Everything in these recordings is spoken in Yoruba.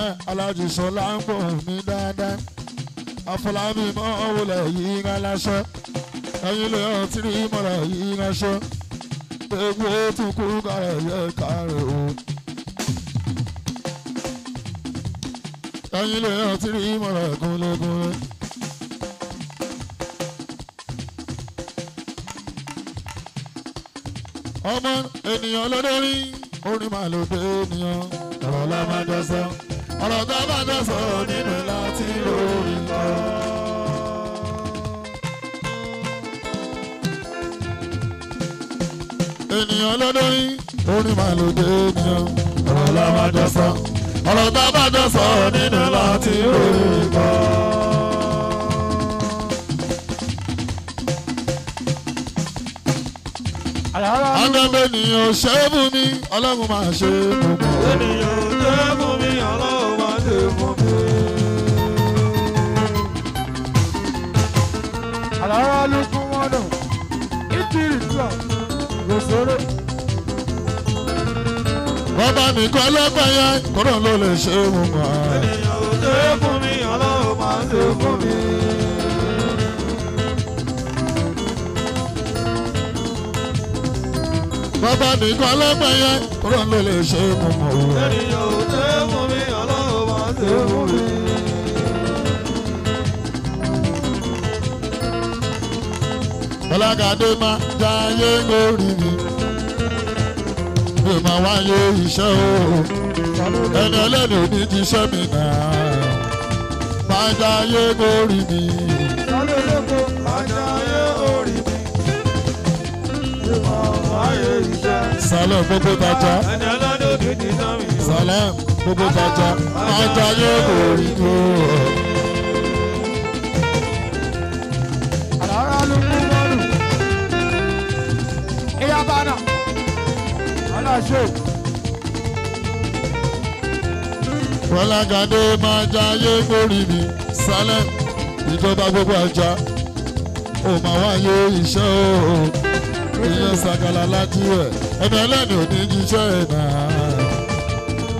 yẹn alájì sọlá ń pọ̀ mí dáadáa afọlábí mọ́ wọlé yìí ń aláṣọ ẹ̀yin lè hàn tí rí mọ́ra yìí ń aṣọ gbogbo tún kú kárẹ̀ yẹ kárẹ̀ o. ẹ̀yin lè hàn tí rí mọ́ra gúnlẹ́gúnlẹ́. ọmọ ènìyàn lọ́dọ́rin orin màlúù pé ènìyàn ọ̀rọ̀ la máa jọ sọ ọ̀rọ̀ tó bá dá sọ nínú láti lórí lọ. ènìyàn lọ́dọ́rí orin máa lò dé ènìyàn ọ̀rọ̀ la máa dá sọ ọ̀rọ̀ tó bá dá sọ nínú láti lórí lọ. Adébẹ́ni ò ṣe ọlọ́run máa ṣe é fún Ènìyàn ò ṣe é ara lukú wọn nù ìtìrì lọ lòsòrò. bàbá nìkan ẹlẹ́gbẹ̀ẹ́ yẹn kọ́nà ló lè ṣe é mú wa. ènìyàn ò ṣe é fún mi ọlọ́run máa ń ṣe é fún mi. bàbá nìkan ẹlẹ́gbẹ̀ẹ́ yẹn kọ́nà ló lè ṣe é mú wa. ènìyàn ò ṣe é fún mi ọlọ́run máa ń ṣe é fún mi. ọlágàdé máa jáyé lóríire mi máa wáyé iṣẹ́ o ẹni ẹlẹ́ni ò ní ti ṣẹ́ mi náà máa jáyé lóríire. sálẹ̀lẹ́kọ̀ọ́ máa jáyé lóríire mi máa wáyé iṣẹ́. sálẹ̀ gbogbo tajà. sálẹ̀ gbogbo tajà máa jáyé lóríire. Ghana. Ghana shape. Fọlágadé máa jayé mórí mi sálẹ̀ ìjọba gbogbo àjà ó máa wáyé iṣẹ́ o èèyàn ṣàkàlà láti rẹ̀ ẹ̀mí ẹlẹ́ni ò ní jíṣẹ́ ẹ̀ náà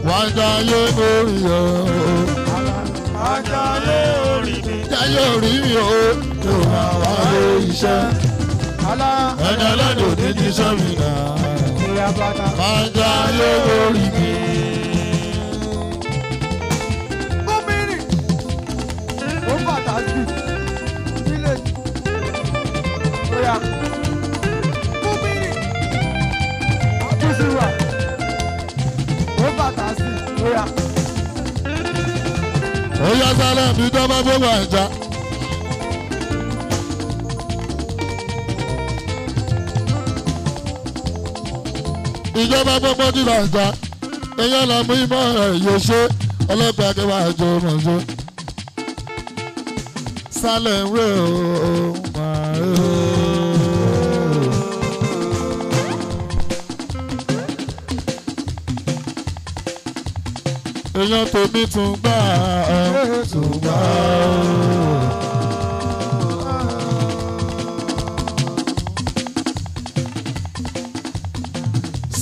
wàá jayé mórí o. Wàá jayé orí mi. Jayé orí mi o, yóò máa wáyé iṣẹ́. Ẹni ẹlẹ́ni ò sọ́mìnà kọjá lórí mi. gómìnì ó bàtà jù sílẹ̀ lóyà. gómìnì àtúnṣe wà ó bàtà sí lóyà. ó yá sálẹ̀ bí dọ́gba gbogbo àjà. ìjọba gbogbo ti là ń ta ẹ̀yẹ́ la mú ìmọ̀ ẹ̀ ṣe ọlọ́pàá akẹ́wà àjọ mọ̀ ṣe. sálẹ̀ ń máa rè ó. èèyàn tèmi tún gbà ọ́ tún gbà ọ́.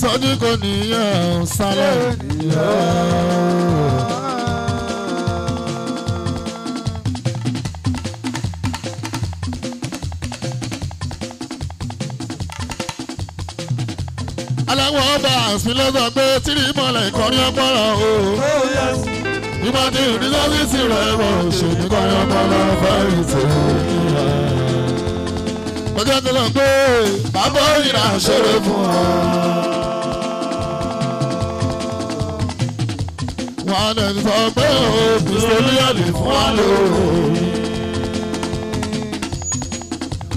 sọ́dí kò níyàn sálẹ̀ níyàn. aláwọ̀ ọba àsìlẹ́sọ̀ pé tírí mọ́lẹ̀ ìkọrin ọpọlọ o. ìmọ̀dé ìdílọ́sísì rẹ̀ wọ̀ ṣèlú kọrin ọpọlọ fẹ́rẹ̀ tèmi. ọjọ́ tó lọ pé bàbá òyìnbó àṣẹrẹ fún ọ. fún wa lè sọ pé o kìsìlíọ̀nì fún wa lè o.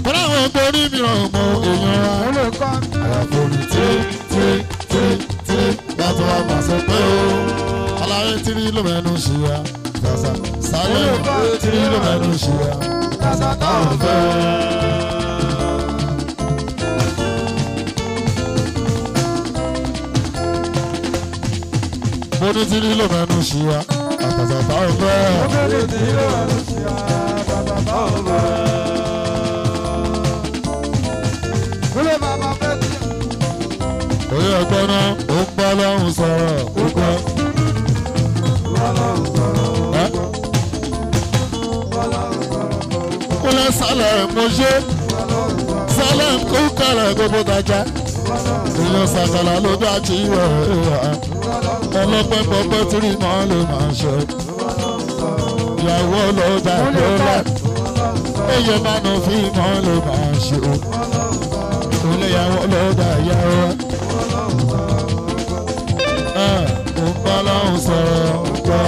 kọ́lá àwọn torí mi ràn mọ́ èèyàn ra àyàfo ni tí tí tí tí yàtọ̀ àgbà sọ pé o. aláyé tírí ló mẹ́nu ṣe ya sàṣà sáré tírí ló mẹ́nu ṣe ya sàṣà táwọn fẹ́. Obedi ti nílò mẹ́nu ṣíya, àtàtà bá ń bẹ́. Obedi ti nílò mẹ́nu ṣíya, àtàtà bá ń bẹ́. Kúlẹ̀ bàbá fẹ́ ti. Oyè ẹgbẹ́ náà, ó ń bá lọ́hùn sọ̀rọ̀, ó Kúlẹ̀ sálẹ̀ mọ́ṣẹ́, sálẹ̀ kó gbogbo dájá. Ìyọ̀ sàkàlà ló bá ti wọ̀ ẹ̀ ọlọ́pẹ́ pọpẹ́ tírí máa lè máa ṣe. ìyàwó ọlọ́dà lọ́la ẹ̀yẹ mánú fi máa lè máa ṣe. ìyàwó ọlọ́dà yàrá. ẹ ò ń bá láwọn sọ̀rọ̀ gbà.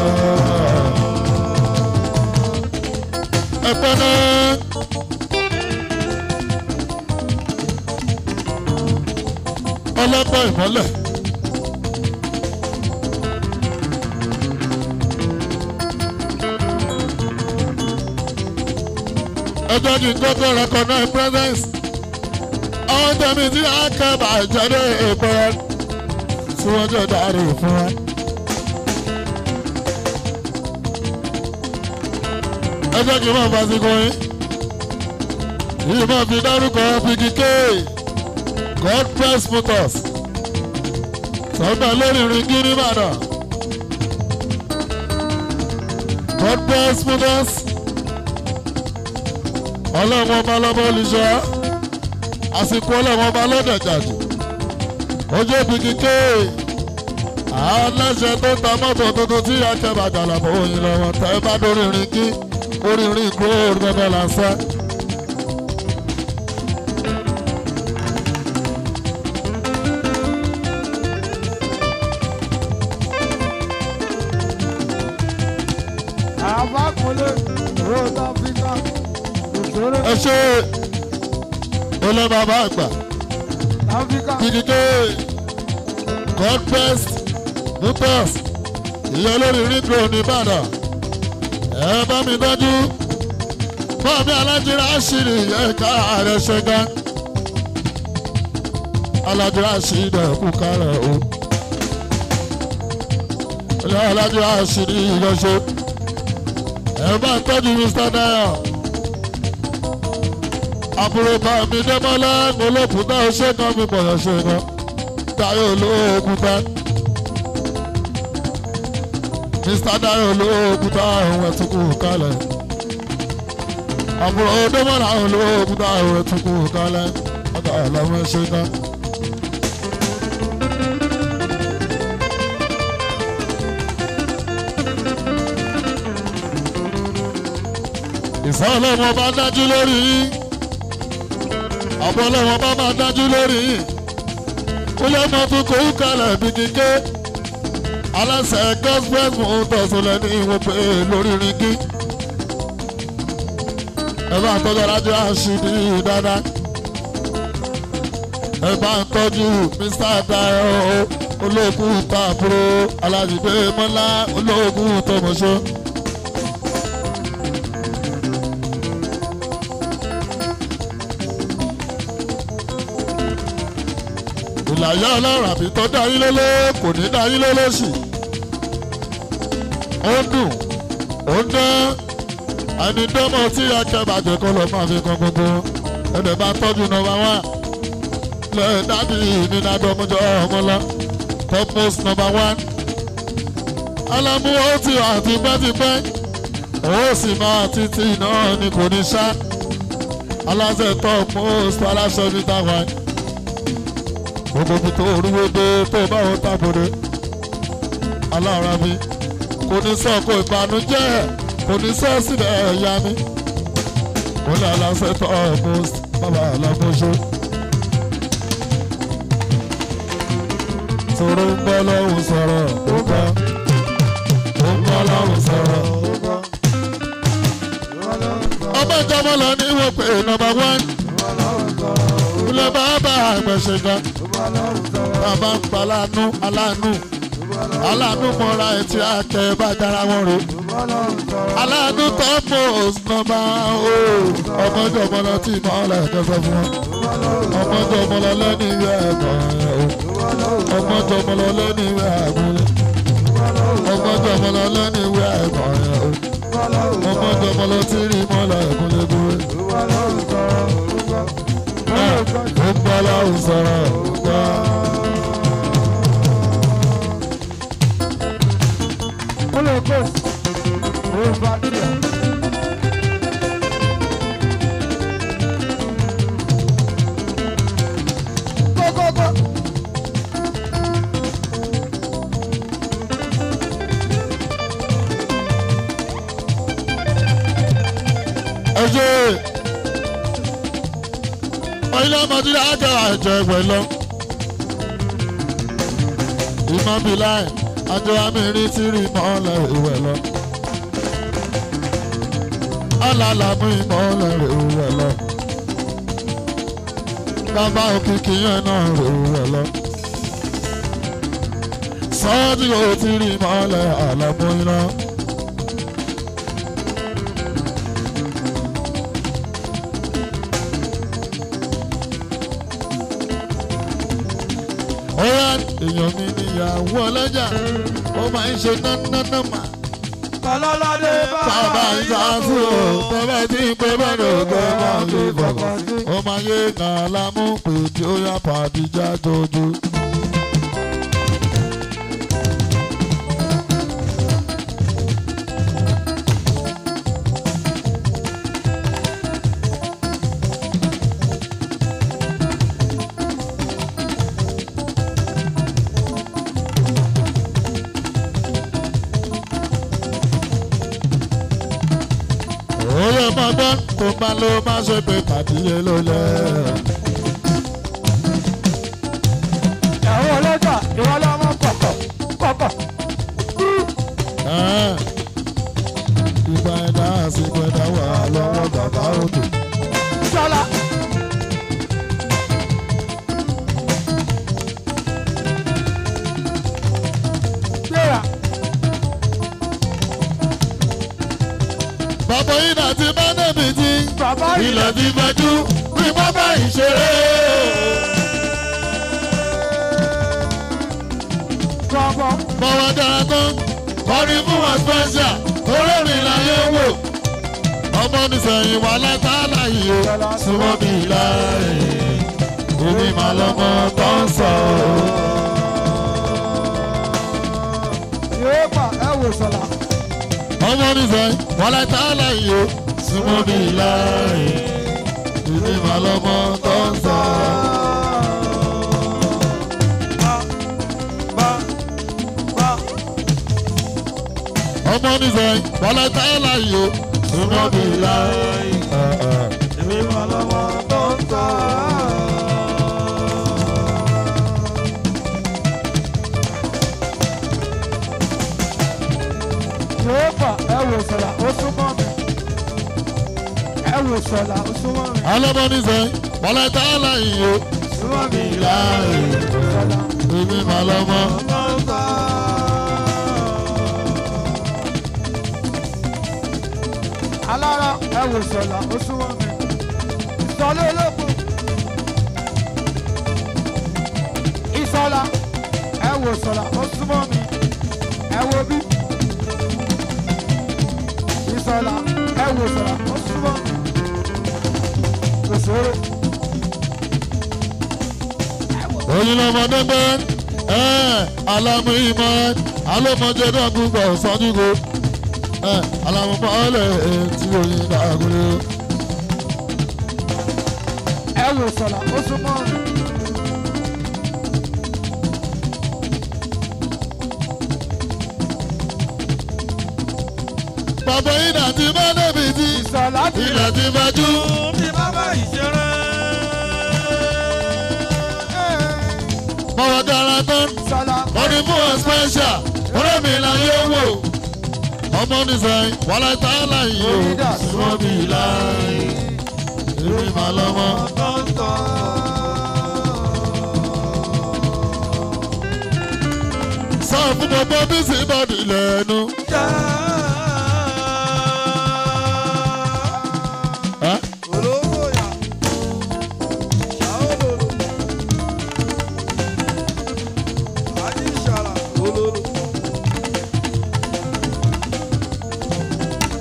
ẹ pẹ́ náà. everybody go go recognize presence. Àwọn tẹ̀mí tí a kẹ́ bàjẹ́ dé èkó rẹ̀ tí wọ́n jẹ́ dárí fún wa. Ẹ jẹ́ kí n máa fasikọ yín. Yìí máa fi dárúkọ PKK. God bless Motors. Sọ̀gbọ́n lórí ringi ní Ìbàdàn. God bless Motors ọlọ́run ọba lọ́ba olùṣọ́ àsìkò ọlọ́run ọba lọ́dẹ̀jàjù ojú òbí kíké aláṣẹ tó ta mọ́tò tuntun tí a jẹ bàjẹ́ làbọ̀ òyìnbó wọn tẹ́ bá dórí rìn kí orí rìn kúrò rẹ̀ bẹ́ẹ̀ lásán. ẹ ṣe olè bàbá àgbà kìkìkì god bless lucas ìyá olórí rígbò nìbàdàn ẹ bá mi dájú bọ́ọ̀mí alájírá ṣìrì ìyá ìka rẹ̀ ṣe gan alájírá ṣìrì kárẹ̀ o alájírá ṣìrì ìyá ṣe ẹ bá tọ́jú mr dayo àbúròkà mi dẹ́mọ́lá olókùúta ṣẹ́gun mi pọ̀yọ̀ ṣẹ́gun Táyọ̀ olókùúta Mr. Táyọ̀ olókùúta àwọn ẹ̀túnkù kálẹ̀ àbúrò dẹ́mọ́lá olókùúta àwọn ẹ̀túnkù kálẹ̀ ọ̀tá ọ̀làwọ̀ ṣẹ́gun. ìfọ́ ọlọ́mọ bá dájú lórí yín àbọ̀ ọlọ́wọ́n bá máa dájú lórí yìí ó lè mọ fún kó kalẹ̀ bí kíké aláṣẹ gospel fún tọ̀sùn lẹ́ni ìwọ̀n pé lórí ringi ẹ bá ń tọ́jú alájọ àṣìbí dáadáa ẹ bá ń tọ́jú Mr. Dayo olóògùn tàbúrò alájùgbé mọ́lá olóògùn tọmọṣọ́. àlàyé ọlọ́run àbí tó dáyé lélé kò ní dáyé lélé sí. ó dùn ó ń ẹni dánmọ́ tí akẹ́bàjẹ́ kọ́ lọ máa fi gbogbo ẹ̀dẹ̀ bá tọ́jú nọ́mbà wá lẹ́yìn dábì nínú adọ́mọjọ́ ọmọlá top post number one. alamu ó ti wà ó sì máa títí náà ni kò ní ṣá aláṣẹ top most aláṣẹ mi táwọn gbogbo ibi tó oríwó dé tó bá wọn tábòde alára mi kò ní sọ kó ìbànújẹ́ kò ní sọ sílẹ̀ ẹ̀yà mi kò ní aláṣẹ tó ọ̀gbọ́n bàbá alábọ́ṣe. tòrò ń bọ́ lọ́hùn sọ̀rọ̀ ó kọ́ ó ń bọ́ lọ́hùn sọ̀rọ̀ ó kọ́. ọmọ ìjọba lọ ní ìwọ̀pẹ̀ nọ́mbà one. ilé bàbá àgbẹ̀ṣẹ̀dá bàbá ń pa aláàánú aláàánú aláàánú mọ́ra ẹ̀ tí a kẹ́ bá dára wọn rè aláàánú tó mọ̀ nọ́mbà o ọmọdé ọmọlọ tí mọ́ra ẹ̀ kẹsàn fún wọn ọmọdé ọmọlọ lẹ́nu ìwé ẹ̀gbọ́n o ọmọdé ọmọlọ lẹ́nu ìwé ẹ̀gbọ́n ọmọdé ọmọlọ lẹ́nu ìwé ẹ̀gbọ́n o ọmọdé ọmọlọ tí rí mọ́ra ẹ̀gbọ́n lẹ́gbọ́n. ó ń bọ́ láwùjọ rẹ̀ ẹjọ́ ọ̀yìnlá ọmọdé àgbà àjọ ẹgbẹ̀lọ́. Imabilai àjọ amírí tí rí mọ́lẹ̀ ìwẹ̀ lọ. ọ̀làlà mú ìmọ̀lẹ̀ ìwẹ̀ lọ. bàbá òkìkí yẹn náà ìwẹ̀ lọ. sọ́ọ́dì ò tí rí mọ́lẹ̀ àlàmú iná. èèyàn mi níyàwó ọlọ́jà ó máa ń ṣe nánáná mà. Ọlọ́ládé bàbá ìsàfù o, bẹ́ẹ̀ tí ń pé bẹ́ẹ̀ ògbẹ́ máa ń fi bọ̀bọ̀. Ó máa yé nàá lámú pèjì ó yá pàdíjà tójú. ló máa ṣe pé kàdíyé ló lẹ̀. bàbá yìí náà ti bá dẹ̀bi tí ilẹ̀ ti gbẹjú bí bàbá yìí ṣeré. bọ́wọ́ dára tán kọrin fún wa special olórin láyé wò ọmọ mi sẹ́yìn wà látàlá yìí o súnmọ́ mi láàyè omi màá lọ́mọ tó ń sọ ọ́. ọmọ mi sẹ́yìn wọlé tálẹ̀ yìí súnmọ́ mi láàyè ìdí màlọ́mọ́ tó ń sọ. ọmọ nìfẹ̀ wọlé tálẹ̀ yìí súnmọ́ mi láàyè ìdí màlọ́mọ́ tó ń sọ. Jehovah, Olùsọ̀là Òṣùwọ̀n rẹ̀. Alábọ́nisẹ̀ Bọ́lá tá a là yìí o. Òṣùwọ̀n mi ìlà Olùsọ̀là. Èmi màá lọ mọ́. Alára Ẹ̀wòsọ̀là Òṣùwọ̀n mi. Ìsọ̀lá ológun. Ìsọ̀lá Ẹ̀wòsọ̀là Òṣùwọ̀n mi. Ẹ̀wò bí. Ìsọ̀lá Ẹ̀wòsọ̀là Òṣùwọ̀n mi oyin lọmọdé gbé alamu ìmọ̀ alómọdé náà gbúgbọ̀ sọ́dúnkọ alamu pọ́ọ́lẹ̀ tí oyin dàgúlé. ẹ wò sọ̀rọ̀ ó súnmọ́. bàbá ìdá ti bá débi tí ìdá ti bá jú. mi bàbá ìṣeré. mọ̀wọ́ dára fún ọ special ọ̀rẹ́ mi là yóò wò ọmọ nìsẹ̀yìn wàlá ìtàlá yìí ó súnmọ́ mi láàyè èrè màlọ́mọ́. sọ fún gbogbo bí sì lẹ́nu.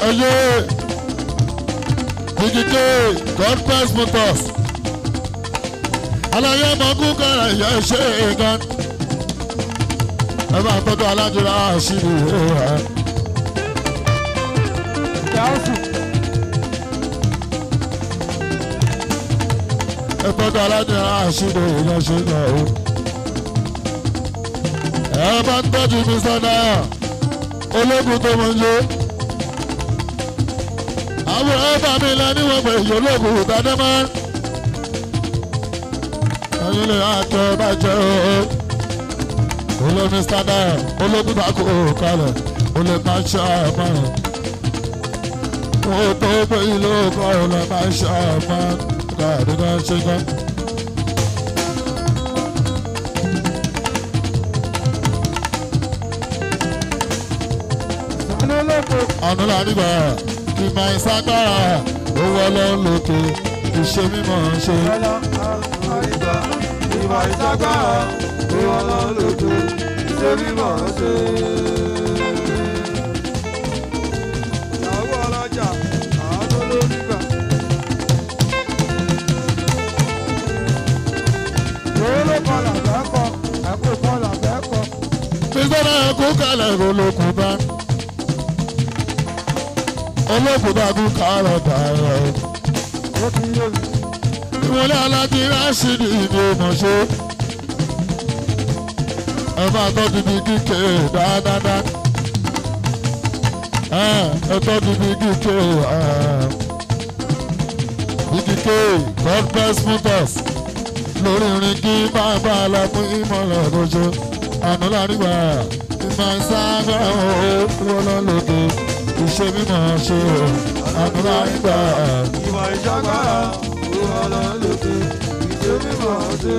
ẹyẹ gbẹgẹdẹ god bless motors aláyé mọ̀kú kára ìyá ṣe é gan ẹ máa tọ́jú alájọra àṣírí ìwé rẹ̀. ẹ̀fọ́dọ̀ alájọ àṣìlò ìránṣẹ́ náà o. ẹ bá ń tọ́jú mi sọ́nà ológun tó mọ̀ ń yé àwọn ọba mi la níwọ̀n pẹ̀ ìṣòro òkùnkùn tàdé mọ́. ẹyin àjọ bàjẹ́ o. olómi sádà ológun bá kó kalẹ̀ olè máa ṣe àmọ́. ó tó pé ilé ọkọ olè máa ṣe àmọ́ káàdì náà ṣe gan. ọ̀nà làdìgbà ìmọ̀ ìsagbára owó ọlọ́run lòkè ìṣe mímọ̀ ṣe. ìmọ̀ ìsagbára owó ọlọ́run lòkè ìṣe mímọ̀ ṣe. ìyàwó ọlọ́jà àánú ló nígbà. owó ló kọ́ làbẹ́ kọ́ ẹ̀kú kọ́ làbẹ́ ẹ̀kú kalẹ̀ ló lókun bá olókùnbágún kárọ̀ dàrọ̀ ìwọlé alájí rásìdì ìdè mọ̀ṣẹ́ ẹ máa tọ́jú bí kíkẹ́ dáadáa ẹ tọ́jú bí kíkẹ́ bí kíkẹ́ God bless mutas lórí irin kí máa bá a lápú ìmọ̀ràn lóṣù ànú láríwá ìmọ̀ ìsáfẹ́ òun wọ́n lọ́lọ́dún iṣẹ́ mímọ́ ṣe o àmì máa ń gbà. ìwà ìjàgbára ìwà lọ́lọ́dẹ iṣẹ́ mímọ́ ṣe.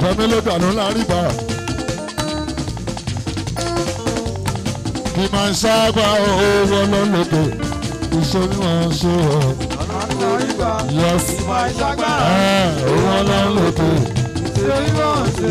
Bọ́mí ló dànù láríbà. Kì máa ń sábà owó lọ́lọ́dẹ iṣẹ́ ni wọ́n ń ṣe ọ́. yẹ́sì ìmọ̀ ìṣàgbára. ẹ̀ ẹ̀ òun ọlọ́run lòdì. iṣẹ́ ni wọ́n ṣe.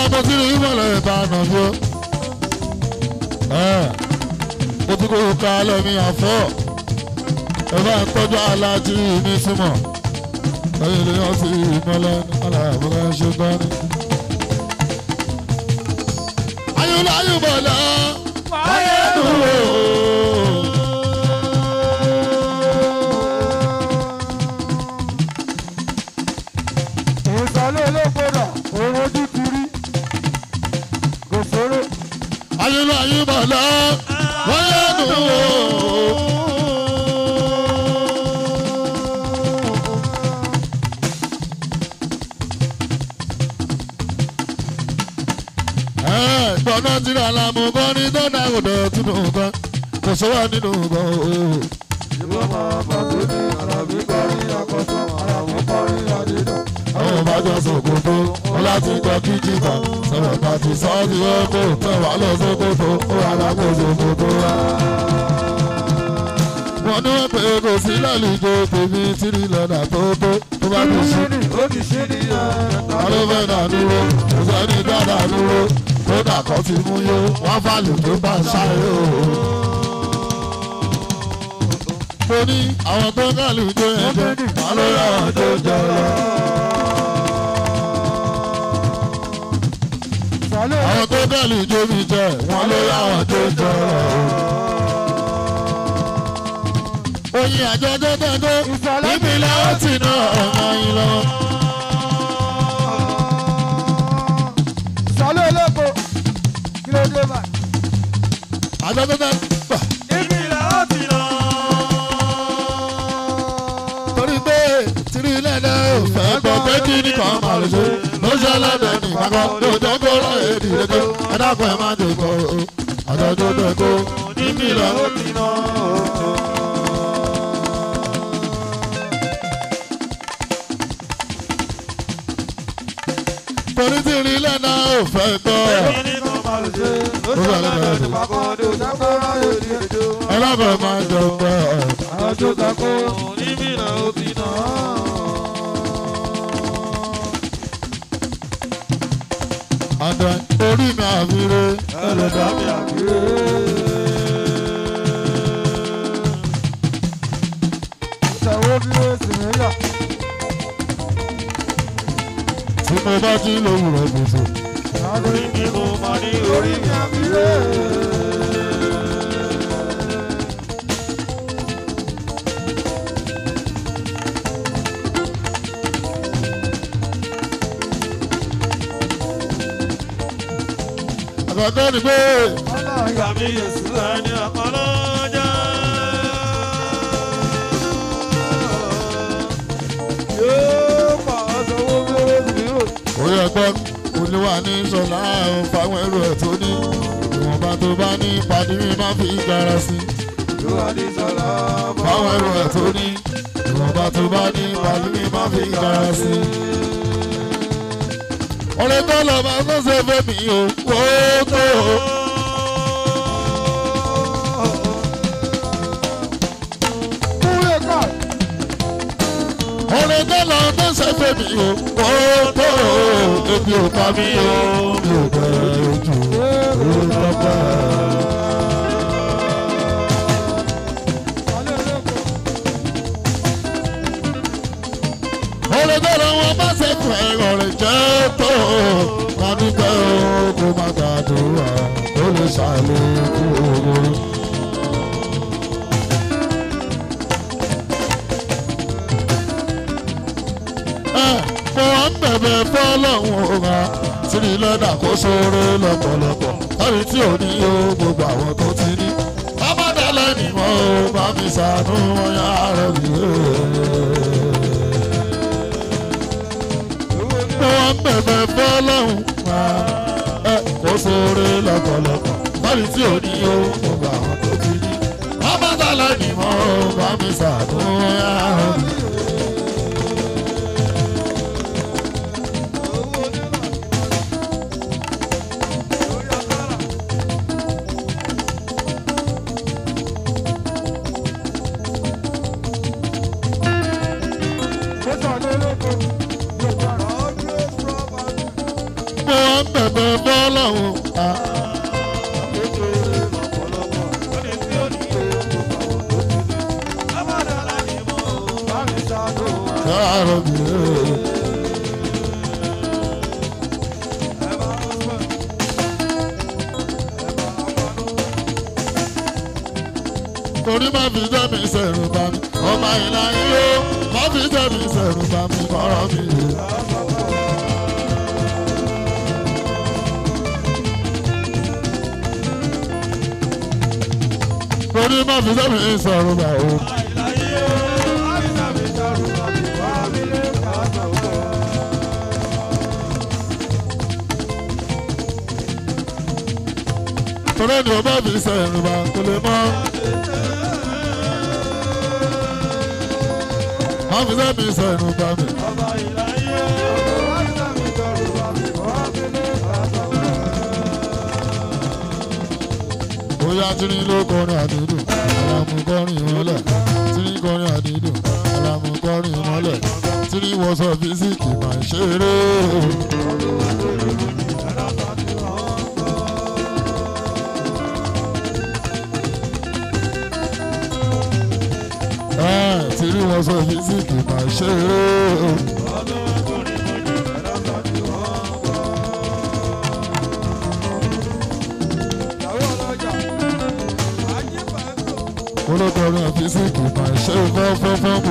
náà mo ti rí ìmọ̀lẹ̀ ìbàdàn bí ó. mo ti kó ka lẹ́mi àfọ́ ẹ bá ń tọ́jú aláàjì mi súnmọ́ ẹ̀yìn lè yọ sí ìmọ̀lẹ̀ aláàbọ̀lẹ̀ ṣùgbọ́n ni. ayọ̀lẹ̀ ayọ̀bọ̀lẹ̀ ayẹ̀dùn o. lọ wọ́n lẹ́nu la mo gbọ́ ní tó dá tún nù kan kò sówà nínú kan o. ìwọ máa bọ̀ tó ní àlàbí kọrin akọ̀tàn àràwọ̀ kọrin àdídọ̀. àwọn bá jọ sọ̀kò tó láti jọ kíjì kan sọ̀rọ̀ kan ti sọ ọ́ ti wọ́n kó tẹ̀ wá lọ sókòtò ó wà lágbo sókòtò wá. wọ́n ní wọ́n pè é kò sí lálejò tèmi tìrì lọ́dà tó tó tó bá ti ṣí. ó ti ṣí ni ọ̀rẹ́fẹ́ náà dúró kò sẹ́ni dáadáa dúró kódà kan ti mú yó wọ́n fàlè tó bá ń ṣáré o mo ní àwọn tó ń kàlù jó ẹ̀jẹ̀ wọn ló tó jọ lọ. àwọn tó dẹ̀lì jómi jẹ wọn ló láwọn tó jọrọ. oyin àjọ dẹ́dẹ́dẹ́ ìpínlẹ̀ ó ti ná ọ̀nà yìí lọ. sọlá olóko kí ló dé báyìí. àjọ dẹ́dẹ́dẹ́. ìpínlẹ̀ ó ti ná. torí pé tìrìlẹ̀ náà ò fẹ́ gbọ́ pé kí ni kàn máa lè ṣe lọ́lọ́dọ̀ ní ìgbàgbọ́ tó jẹ́ kó rán èdè rẹ̀ ẹ dákun ẹ má dògbò ọ̀dọ̀ tó jẹ́ kó níbi lọ. torí tí rí lẹ́nà ò fẹ́ gbọ́. ẹ lábẹ́ máa dọ̀gbọ́. ọ̀dọ̀ tó jẹ́ kó níbi. orí mi àfiré. ẹlẹ́dàá mi àfiré. ìṣàwọ́ bí ó sì ń yà. tí mo bá ti lówùrọ̀ gbèsè. àgọ́ ìdìbò mọ́ ní orí mi àfiré. bàbá tó ní pé. ọlọ́ọ̀yà mi Jésù ẹni ọ̀pọ̀lọ́jà. yóò mọ̀ ọ́sọ̀wọ́ bẹ́rẹ̀ mi o. orí ẹgbẹ́ olúwa ní sọlá fáwọn ẹrù ẹ̀ tó ní ìwọ̀nba tó bá ní ìpàdé mi máa fi gara sí. olúwa ní sọlá fáwọn ẹrù ẹ̀ tó ní ìwọ̀nba tó bá ní ìpàdé mi máa fi gara sí ọ̀rẹ́ tó lọ bá tó ṣe fẹ́ mi o wò ó tó. ọ̀rẹ́ tó lọ tó ṣe fẹ́ mi o wò ó tó. èmi ò pa mí o mi ò pẹ́ ojú mi ò lọ́pẹ́ fẹ́tọ̀ ẹ̀rọ rẹ̀ jẹ́ tó kádúpẹ́ o kó má gbàdúrà tó lè ṣàlékún owó. mo wá ń bẹ̀bẹ̀ fọ́lọ́hún ọ̀gá tírí lọ́dà kó sóore lọ́pọ̀lọpọ̀ lórí tí ò ní o gbogbo àwọn tó ti ní. bàbá dálẹ́ nìmọ̀ o bá mi sànú ọ̀yà rẹ̀ nìyẹn. wọ́n bẹ̀bẹ̀ fọ́lọ́hún ẹ kó sóore lọ́pọ̀lọpọ̀ báyìí tí ò ní o mo bá wọn tó ti ní. ọbàtálá ni mo bá mi sàdúrà. Thank you. ń bẹ̀bẹ̀ fọ́lọ́run. Káàrọ̀ mi rè é. torí sẹ̀rù bá mi ọba ìlànà yóò má fi tẹ́mi sẹ̀rù bá mi kọ́rọ́ mi yìí. ní má fi sẹ́mi sọ̀rọ̀ bá o. tọ́lá ni ọba fi sọ̀rọ̀ bá kò lè mọ́. má fi sẹ́mi sọ̀rọ̀ bá mi. bóyá tí ní lóko ní alamukọrin mọ́lẹ̀ tírí kọrin àdídùn alamukọrin mọ́lẹ̀ tírí wọṣọ físíkì máa ń ṣeré. tírí wọṣọ físíkì máa ń ṣeré. ọ̀rọ̀ físíkì kan ṣé o fẹ́ fẹ́ bò.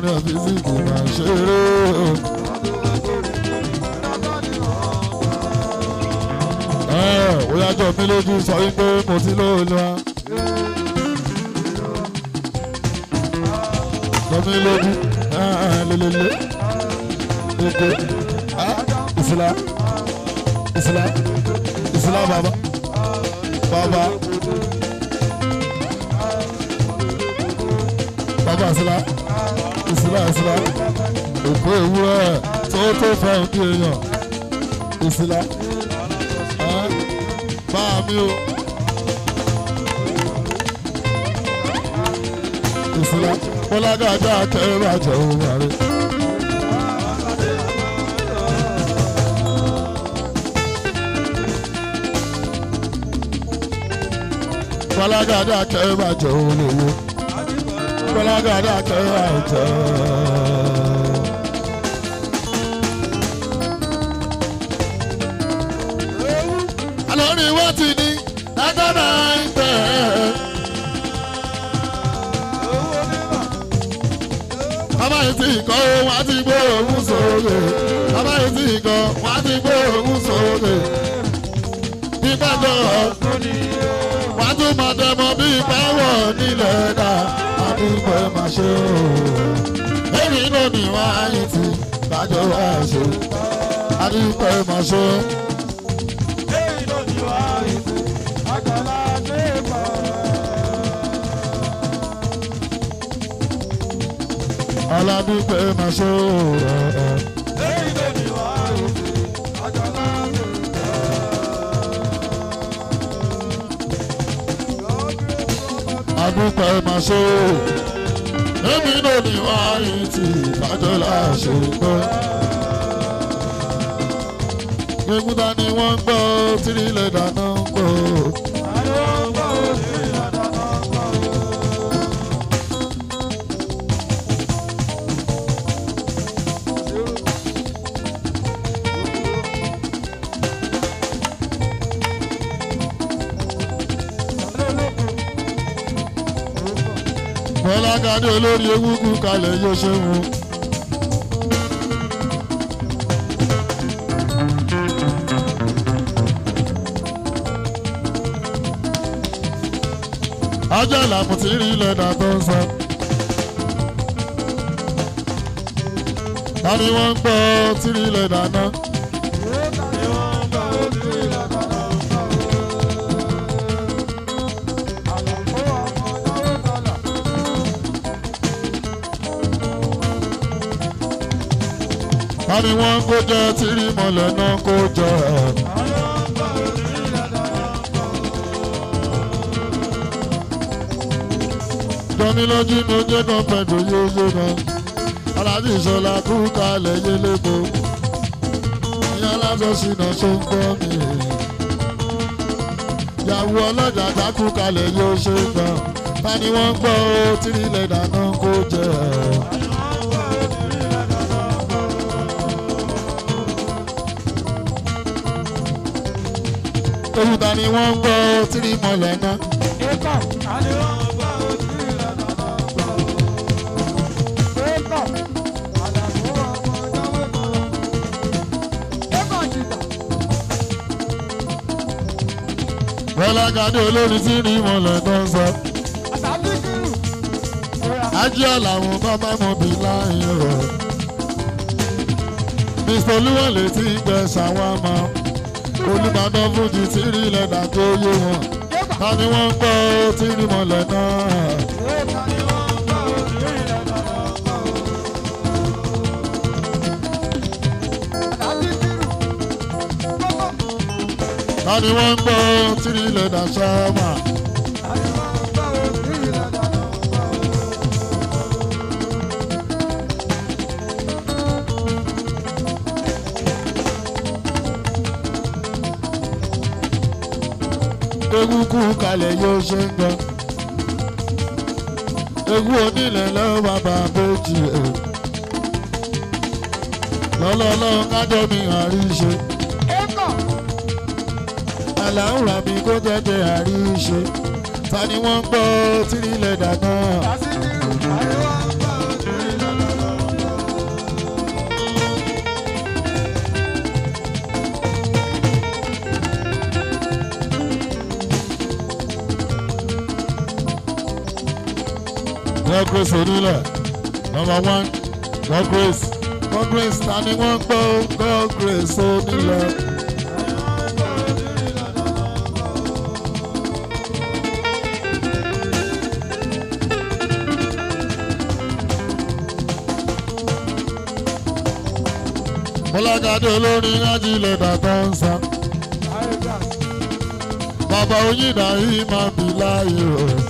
ọ̀nà físíkì máa ṣeré o. bóyá jọ mí lójú sọ wípé mo ti lóòlù wa. jọ mí lójú lélele gbogbo ìsìlá ìsìlá ìsìlá bàbá bàbá. Baba Sala ìsìláìsìlá òkú ewúrẹ́ tó tó fẹ́ òbí èèyàn ìsìlá bá a mi o ìsìlá bọ́lá dáadáa tẹ́ ẹ bá jẹ́ òun àárẹ̀. bọ́lá dáadáa tẹ́ òun lówó gbọ́lágàdá tẹ́ àìtẹ́. alórí wọ́n ti ní dágọ́dá àìtẹ́. bàbá yìí ti kọ́ wọ́n á ti tún máa dẹ̀ bí pàwọ̀ nílẹ̀ náà dúpẹ́ máa ṣe o. èmi náà ní wàá yìí ti bàjọ́ wá ṣe. adúpẹ́ máa ṣe. èmi náà ní wàá yìí ti àgbàlá dúpẹ́. aládùúpẹ́ máa ṣe o. èmi náà ní wàá yìí ti àgbàlá dúpẹ́. adúpẹ́ máa ṣe o. Èmi náà ni wá ní ti ìbájọ́lá ṣòkò. Gbẹ̀gúta ni wọ́n ń gbọ́ tírílẹ̀ dáná. Alága ní olórí ewúkú kalẹ̀ yóò ṣéun. ajá làmùtí rí lẹ́dà tó ń sọ. ta ni wọ́n ń gbọ́ tí rí lẹ́dà náà. ká ni wọ́n ń kó jẹ tírí mọ́lẹ̀ náà kó jẹ. jọmílójú ni ó jẹ́ kan pẹ̀lú yéyé kan aláàbí ìṣọlá kú kalẹ̀ yélébo ìyá lásọsí náà ṣó ń gbọ́ mi. ìyàwó ọlọ́jà dákú kalẹ̀ yóò ṣe gbà ká ni wọ́n ń gbọ́ ó tírí lẹ́dà náà kó jẹ. torí ta ni wọ́n ń gbọ́ tírí mọ́lẹ̀ gan. bọ́lá gàdé olórin tírí mọ́lẹ̀ tó ń sọ. ajé làwọn bàbá mọ̀ bí láàyè rẹ̀. mr olúwọ̀lẹ̀ ti ń gbẹ ṣàwọn máa olùbàdàn fújì tí rí lẹ́dà tó yé wọn ta ni wọ́n ń gbọ́ tí rí mọ́lẹ̀ náà. ta ni wọ́n ń gbọ́ tí lẹ́dà ṣáà ewu kú kalẹ̀ yóò ṣe ń gbọ́ ewu onílẹ̀ lọ́wọ́ bàbá bójì ẹ̀ eh. lọ́lọ́lọ́ kájọ́ mi àríṣe àlàúrà mi kó jẹ́jẹ́ àríṣe ta ni wọ́n ń gbọ́ tírílẹ̀ dàgbọ́n. Grace onílẹ̀ number one God Grace God Grace ta ni wọ́n gbọ́ God Grace onílẹ̀. Bọ́lágadé olórin ajílẹ̀ dàtà ń sa. Bàbá Oyin náà yìí máa bì láàyè rẹ̀.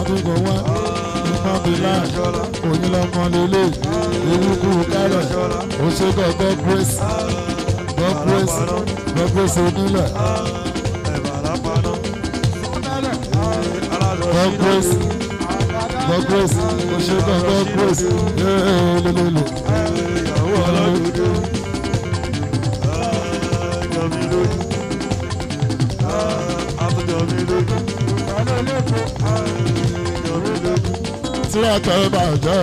wọ́n tún gọ̀ wọ́n iná bílà onílọ́mọ lélẹ̀ ewúkú kálọ̀ òṣèkọ̀ god grace god grace god grace onílẹ̀ god grace god grace òṣèkọ̀ god grace lélẹ̀lẹ̀ ọlọ́dún. Hallelujah tí wọ́n tẹ bàjẹ́.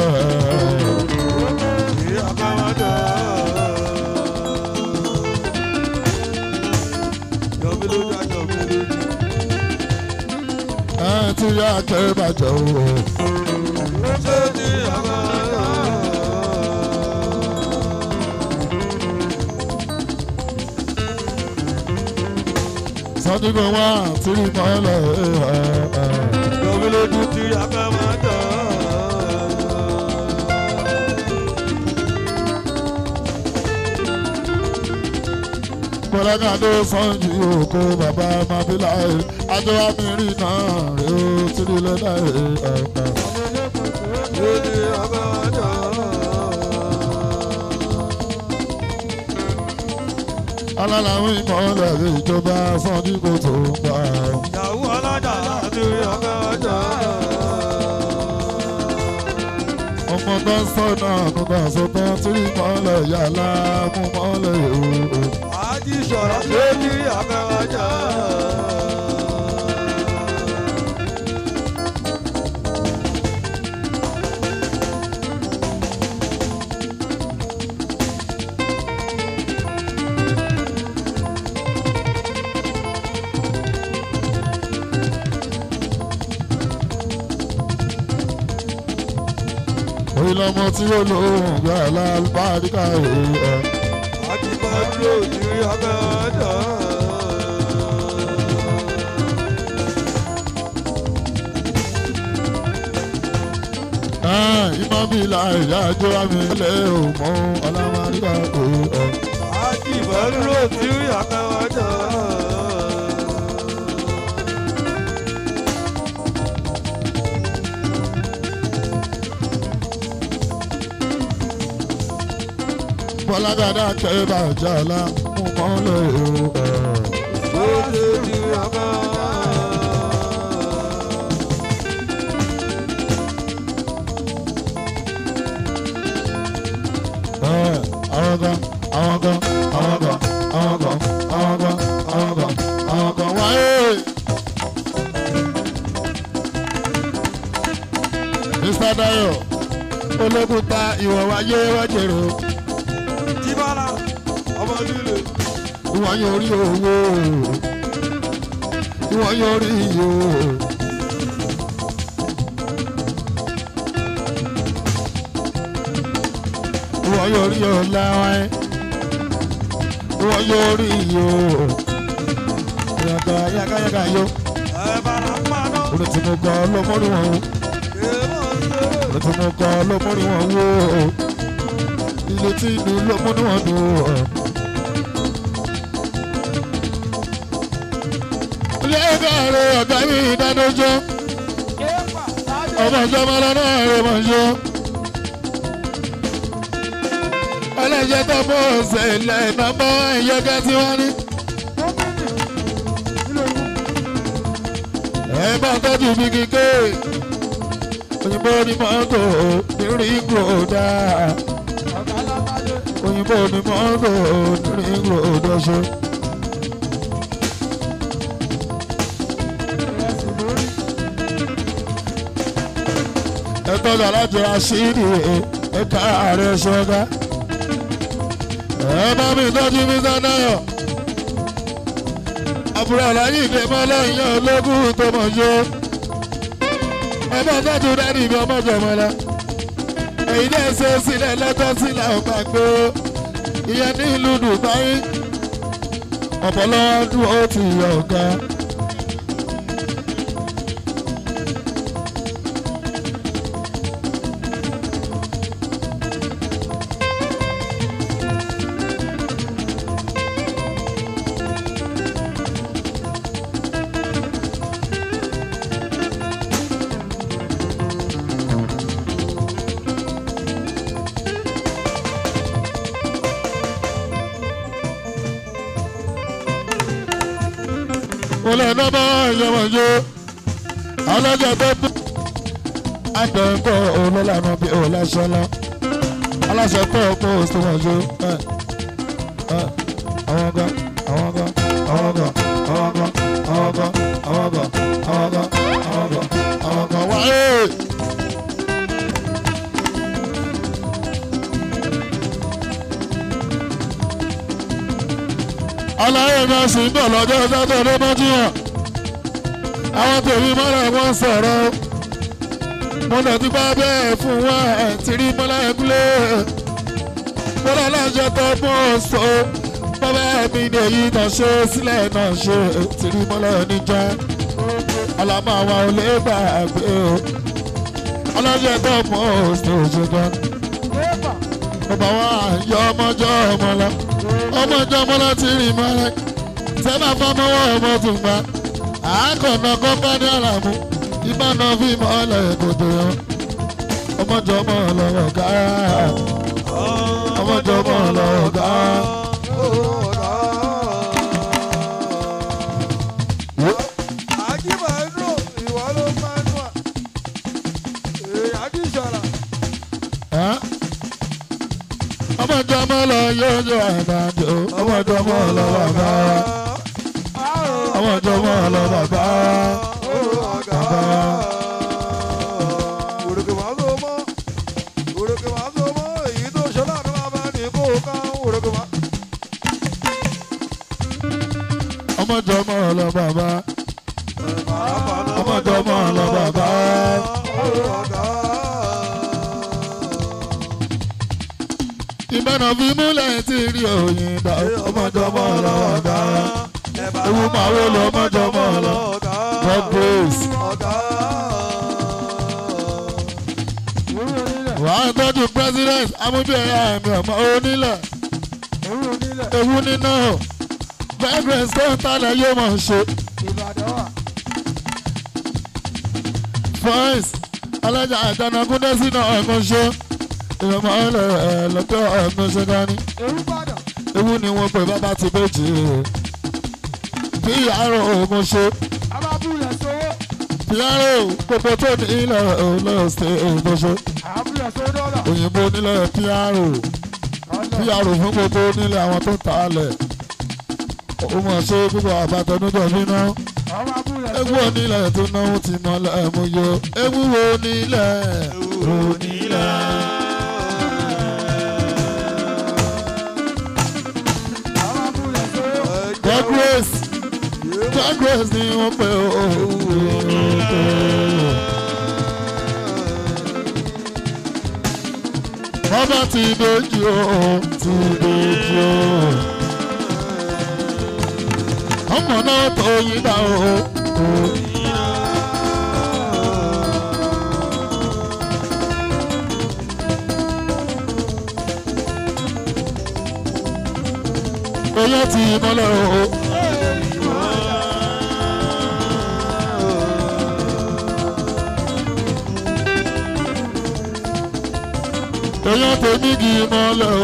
ẹ ti yá tẹ bàjẹ́ o. sọdúnkọ wá àtúrìmọ́ lọ. lórí lójú tí a fẹ́ máa dán. Mọ̀lẹ́nà ló sànjú òkú bàbá Mabila ẹ̀. Adéwámírì náà rè ó tìrì lẹ́dà ẹ̀ ọ̀pọ̀. Alálàwí ìmọ̀lẹ̀ ìjọba Sọ́díkò tó ń gbà. Ìyàwó ọlọ́jà àti ọgá ọjà. Ọmọ tó ń sọ̀nà àtúntà sọ́tọ́ tìrì mọ́lẹ̀ yàrá mú mọ́lẹ̀ èrò sọ̀rọ̀ létí àgbàwájà. ìlọmọ tí ó gbà lálùbáríkà rèé ẹ. àti bọ́ọ̀lù òyìnbó. Ah, ìmọ̀ mi là ìyá àjọra mi lé òmò ọlámàdúrà òun ọ. àjìbọ̀ dúró tí ìyàtọ̀ ọjọ́. bọ́lá dáadáa tẹ́ bàjẹ́ ọlá kan lòrò ó tó di ọkọ. àwọn kan àwọn kan àwọn kan àwọn kan àwọn Mr. Dayo ológun ìwọ̀n wáyé wájèrò. ìwọ yọrí owó ìwọ yọrí iyò. ìwọ yọrí ọlá ẹ ìwọ yọrí iyò. yàgà yàgà yàgà yó. orí tí mo gbọ́ ló mórí wọn wò. orí tí ló mórí wọn wò. ilé tí ìlú ló mórí wọn dùn. lẹ́gàrẹ́ ọ̀gá mi ìdádójọ́ ọmọ ìjọba lọ́nà rẹ̀ mọ̀ ṣọ́ ẹlẹ́jẹ̀ tó bọ̀ ọ̀sẹ̀ ilẹ̀ ìnáwó ìyọ́gá tí wọ́n ní. ẹ tọ́jú mi kíkẹ́ òyìnbó ni mọ́tò nírìn gbòdà òyìnbó ni mọ́tò nírìn gbòdà ṣe. ẹ̀tọ́jà láti ra síìdì ẹ̀ka ààrẹ ṣọ́gá. ẹ bá mi tọ́jú mi sánáyọ̀. àbúrò aláyé ìdẹ́mọ́ lẹ́yìn ológun tó mọ̀ jó. ẹ bá tọ́jú dání ibi ọmọdé ọmọlá. èyí náà ṣe sílẹ̀ lọ́tọ́ sílẹ̀ ọ̀pá pé ìyẹn ní ìlú Dubai ọ̀pọ̀lọ́wọ́ dúró ti yọ̀ ọ̀gá. alẹ́ náà bá yọmọjọ́ bú. àtẹ̀kọ́ olólàmọ́ bíi òlàṣọ́lá aláṣẹ pọ̀ kó o kérésìmesì ń bọ̀ lọ́jọ́ sátọ̀dé mọ́júyàn àwọn tèmi mọ́ra wọn sọ̀rọ̀ mo nà ti bá bẹ́ẹ̀ fún wa ti rí mọ́lá ẹ̀kúlé bọ́lá lájọ tó mọ́ so bàbá mi ní èyí náà ṣe sílẹ̀ náà ṣe ti rí mọ́lá oníjà àlàmọ́ àwa ò lè gbàgbé o ọlọ́jọ́ tó mọ́ so ṣùgbọ́n bàbá wa yọ ọmọjọ́ ọmọlá ọmọjọ́ ọmọlá ti rí mọ́lá ẹ̀kúlé. tẹ́ máa fọmọwọ́ ọmọ tó gbà àákànnà kọ́kọ́ ní àlàmú ibà náà fi mọ́ ọlẹ̀ kòtò yọ ọmọjọ ọmọ ọlọ́wọ́ ká ọmọjọ ọmọ ọlọ́wọ́ jọmọjọmọ lọ bàbá. bàbá. òrùkè wàá so mọ́ òrùkè wàá so mọ́ èyí tó ṣọlá àti bàbá ní kó ká òrùkè wàá. ọmọjọmọ lọ bàbá. ọmọjọmọ lọ bàbá. ìbánu fi múlẹ̀ tí rí òyìnbá ọmọjọmọ lọ bàbá ewu máa wó lọ mọ́jọ mọ́ lọ God grace. wàá tọ́jú president amúbíyẹ̀yà ẹ̀mí ọmọ onílẹ̀ ewu níná o God grace tó ń talẹ̀ yóò mọ̀ ṣe. voice alájà àjànàkúndé sínú ọ̀gbọ̀n ṣe ìrọ̀mọ́ ọ̀lẹ̀ ẹ̀ lọ́tọ̀ ọ̀gbọ̀n ṣe dání ewu ni wọ́n pè bàbá ti bèjì rẹ̀ pr mo ṣe. abúlé sọ́wọ́. lẹ́rìn gbogbo tó ní ilẹ̀ olóòsè mo ṣe. abúlé sọ́wọ́ dọ́là. òyìnbó nílẹ̀ pr pr fún gbogbo nílẹ̀ àwọn tó ta alẹ̀. ó ṣe gbogbo àbátẹnudọ̀ nínú. ewu onílẹ̀ tó náwó ti ná lẹ́mú yó. ewu onílẹ̀. ewu onílẹ̀. Douglas. God bless ni wọ́n pẹ́ o. Bàbá ti dojú o, ti dojú o. Ọmọ náà tó yín dá o. Oyè ti mọ́lẹ̀ o. èèyàn tèmi kì í mọ́lẹ̀ o ìmọ̀lẹ̀.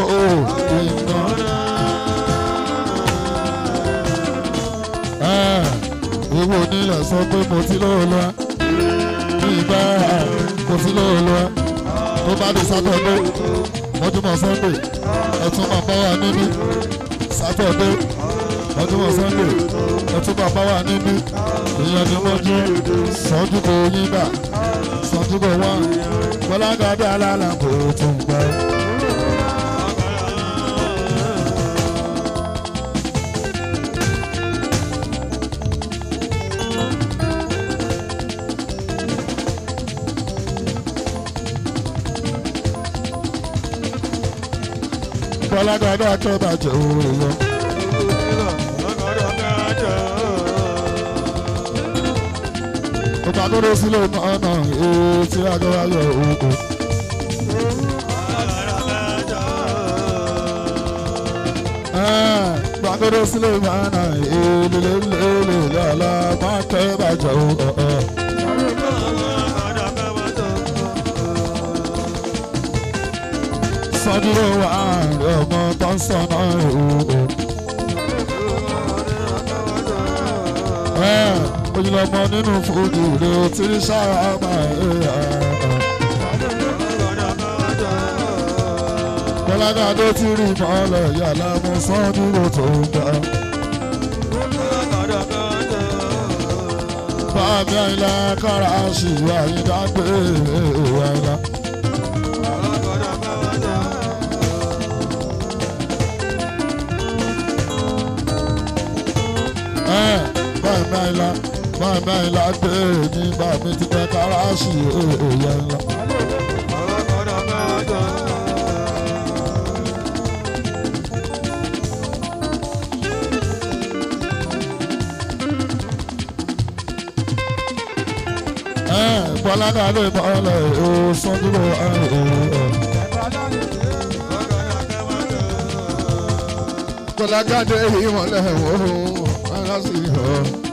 owó onílẹ̀ sọ pé mo ti lọ́wọ́ lọ́wọ́ bí ibà mo ti lọ́wọ́ lọ́wọ́ tó bá di sátọ̀dé mọ́júmọ́ sunday ẹ tún máa bá wa níbí sátọ̀dé mọ́júmọ́ sunday ẹ tún máa bá wa níbí ìyẹn ni wọ́n jẹ́ sọ́júbọ̀ yín gbà sọ́júbọ̀ wá ọ̀pọ̀lọ́gọ́dọ̀ alálàbò tó ń gbọ́. ọ̀pọ̀lọ́gọ́dọ̀ tó bàjẹ́ òun rè yọ. àkóró sílẹ̀ ọ̀nà èyí tí àkóró ayọ̀ òkú. Gbàgbọ́dọ̀ sílẹ̀ ìmọ̀ràn èlélélélè lọ́la máa tẹ́ bàjẹ́ ọ̀ọ́. Sọ́dúró wà ọmọ tó ń sọ náà òkú. ojúlọmọ nínú fojú rẹ o ti ń máa ń yà. bọ́lágà ló ti rí mọ́lẹ̀ yàrá mo sán dúró tó ń dá. bàbá ilá kára ṣì wà yíká pé ìwà ilá. bàbá ilá. Sunday Latte nígbà mi ti tẹ káràṣì èèyẹ ńlá. Bọ́ládà lè bọ́lẹ̀ o, Sunday ló ń Kọ́lágádé ìmọ̀lẹ̀ wò ó, aláṣẹ ìhàn.